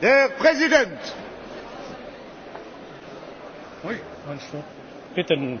Herr Präsident! Bitte nun.